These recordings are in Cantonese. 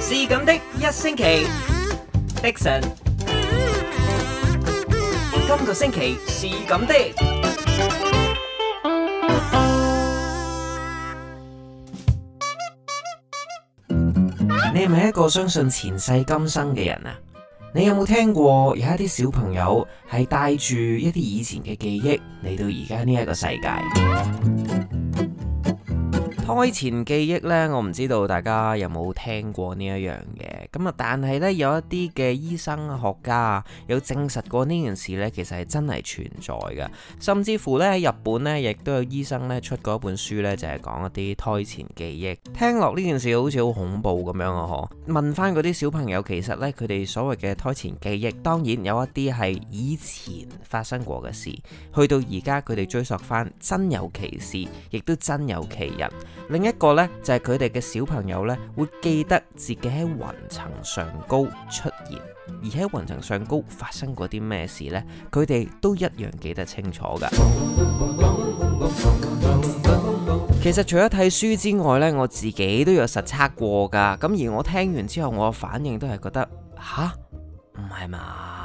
是咁 的一星期，Dixon。今個星期是咁的。 你係咪一個相信前世今生嘅人啊？你有冇聽過有一啲小朋友係帶住一啲以前嘅記憶嚟到而家呢一個世界？胎前記憶呢，我唔知道大家有冇聽過呢一樣嘢。咁啊，但係呢，有一啲嘅醫生學家有證實過呢件事呢，其實係真係存在嘅，甚至乎呢，喺日本呢，亦都有醫生呢出過一本書呢，就係講一啲胎前記憶。聽落呢件事好似好恐怖咁樣啊！呵，問翻嗰啲小朋友，其實呢，佢哋所謂嘅胎前記憶，當然有一啲係以前發生過嘅事，去到而家佢哋追溯翻，真有其事，亦都真有其人。另一個呢，就係佢哋嘅小朋友呢，會記得自己喺雲層上高出現，而喺雲層上高發生過啲咩事呢？佢哋都一樣記得清楚㗎。 其實除咗睇書之外呢，我自己都有實測過㗎。咁而我聽完之後，我反應都係覺得吓，唔係嘛？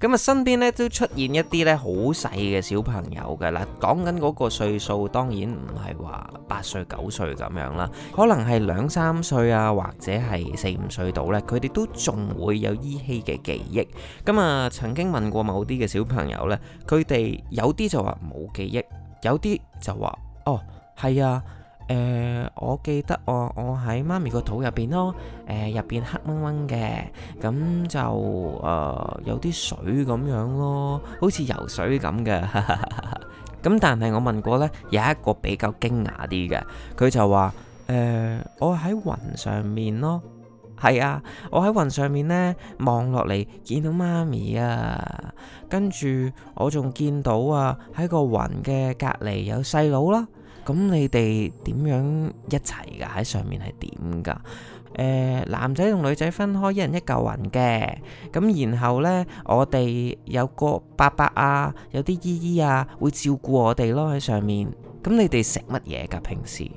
咁啊，身邊咧都出現一啲咧好細嘅小朋友嘅啦，講緊嗰個歲數，當然唔係話八歲九歲咁樣啦，可能係兩三歲啊，或者係四五歲到咧，佢哋都仲會有依稀嘅記憶。咁、嗯、啊，曾經問過某啲嘅小朋友呢，佢哋有啲就話冇記憶，有啲就話哦，係啊。誒、呃，我記得我我喺媽咪個肚入邊咯，誒、呃，入邊黑掹掹嘅，咁就誒、呃，有啲水咁樣咯，好似游水咁嘅，咁但係我問過呢，有一個比較驚訝啲嘅，佢就話，誒、呃，我喺雲上面咯，係啊，我喺雲上面呢望落嚟見到媽咪啊，跟住我仲見到啊喺個雲嘅隔籬有細佬啦。咁你哋點樣一齊噶？喺上面係點噶？誒、呃、男仔同女仔分開，一人一嚿雲嘅。咁然後呢，我哋有個伯伯啊，有啲姨姨啊，會照顧我哋咯喺上面。咁你哋食乜嘢噶？平時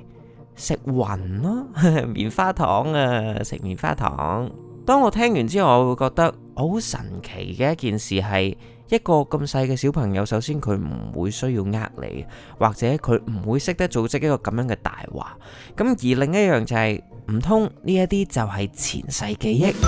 食雲咯， 棉花糖啊，食棉花糖。當我聽完之後，我會覺得好神奇嘅一件事係。一個咁細嘅小朋友，首先佢唔會需要呃你，或者佢唔會識得組織一個咁樣嘅大話。咁而另一樣就係唔通呢一啲就係前世記憶。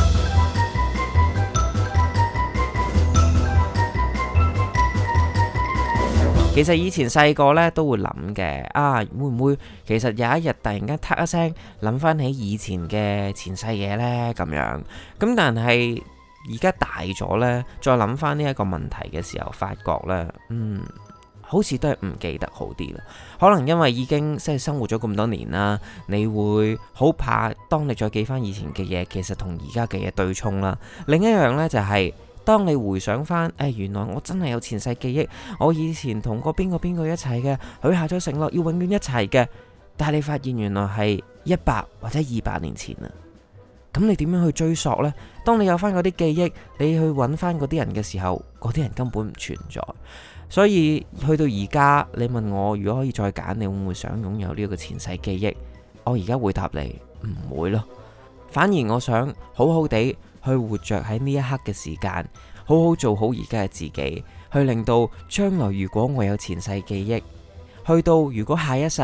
其實以前細個呢都會諗嘅，啊會唔會其實有一日突然間嗒一聲，諗翻起以前嘅前世嘢呢？咁樣。咁但係。而家大咗呢，再諗翻呢一個問題嘅時候，發覺呢，嗯，好似都係唔記得好啲啦。可能因為已經即係生活咗咁多年啦，你會好怕當你再記翻以前嘅嘢，其實同而家嘅嘢對沖啦。另一樣呢，就係、是，當你回想翻，誒、哎，原來我真係有前世記憶，我以前同過邊個邊個一齊嘅，許下咗承諾要永遠一齊嘅，但係你發現原來係一百或者二百年前啦。咁你點樣去追索呢？當你有翻嗰啲記憶，你去揾翻嗰啲人嘅時候，嗰啲人根本唔存在。所以去到而家，你問我如果可以再揀，你會唔會想擁有呢個前世記憶？我而家回答你唔會咯，反而我想好好地去活着喺呢一刻嘅時間，好好做好而家嘅自己，去令到將來如果我有前世記憶，去到如果下一世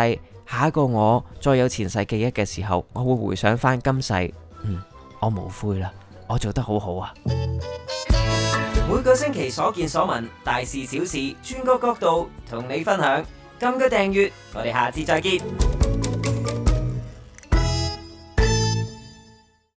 下一個我再有前世記憶嘅時候，我會回想翻今世。嗯，我無悔啦，我做得好好啊。每個星期所見所聞，大事小事，專個角度同你分享。今個訂閱，我哋下次再見。